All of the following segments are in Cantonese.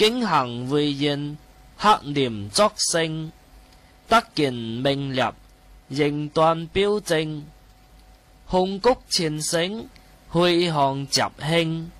景行維賢，克念作聖。德建名立，形端表正。空谷傳聲，虛堂習聽。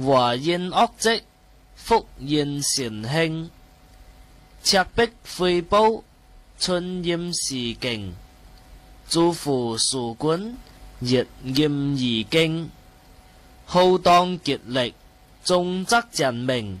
禍因惡積，福緣善慶。尺璧非寶，寸陰是競。資父事君，曰嚴與敬。孝當竭力，忠則盡命。